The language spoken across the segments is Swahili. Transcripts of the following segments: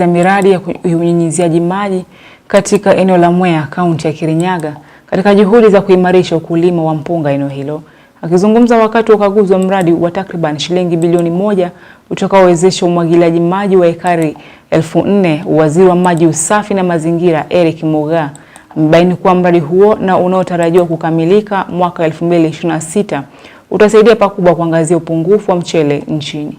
za miradi ya unyunyiziaji maji katika eneo la Mwea, kaunti ya Kirinyaga katika juhudi za kuimarisha ukulima wa mpunga eneo hilo. Akizungumza wakati wa ukaguzi wa mradi wa takriban shilingi bilioni moja utakaowezesha umwagiliaji maji wa ekari elfu nne, Waziri wa Maji Usafi na Mazingira Eric muga amebaini kuwa mradi huo na unaotarajiwa kukamilika mwaka 2026 utasaidia pakubwa kuangazia upungufu wa mchele nchini.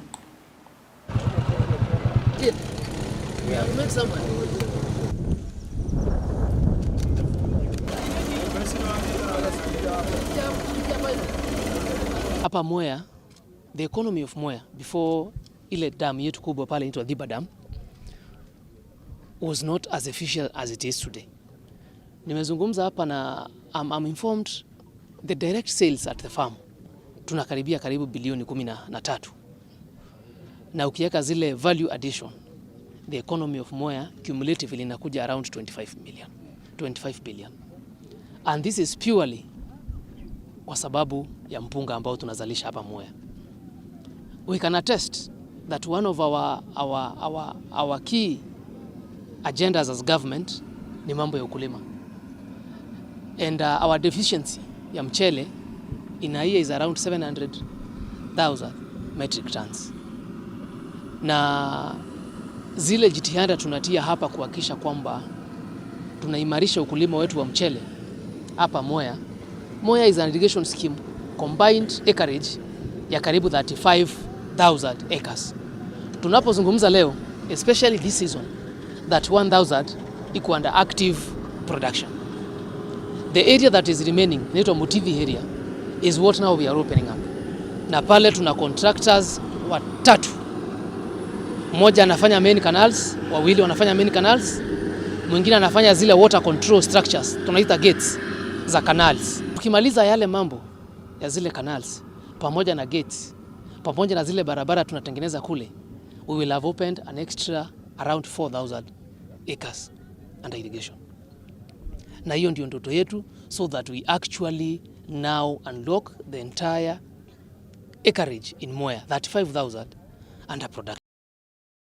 Hapa Mwea, the economy of Mwea before ile dam yetu kubwa pale inaitwa Dhiba Dam was not as efficient as it is today. Nimezungumza hapa na I'm, I'm informed the direct sales at the farm tunakaribia karibu bilioni kumi na tatu na ukiweka zile value addition the economy of moya cumulatively inakuja around 25 million, 25 billion and this is purely kwa sababu ya mpunga ambao tunazalisha hapa moya We can attest that one of our, our, our, our key agendas as government ni mambo ya ukulima and uh, our deficiency ya mchele in a year is around 700,000 metric tons na zile jitihada tunatia hapa kuhakikisha kwamba tunaimarisha ukulima wetu wa mchele hapa Mwea. Mwea is an irrigation scheme combined acreage ya karibu 35000 acres. Tunapozungumza leo especially this season that 1000 iko under active production. The area that is remaining inaitwa Mutivi area is what now we are opening up. Na pale tuna contractors watatu mmoja anafanya main canals, wawili wanafanya main canals, mwingine anafanya zile water control structures, tunaita gates za canals. Tukimaliza yale mambo ya zile canals pamoja na gates pamoja na zile barabara tunatengeneza kule, we will have opened an extra around 4000 acres under irrigation, na hiyo ndio ndoto yetu, so that we actually now unlock the entire acreage in Mwea 35000 under production.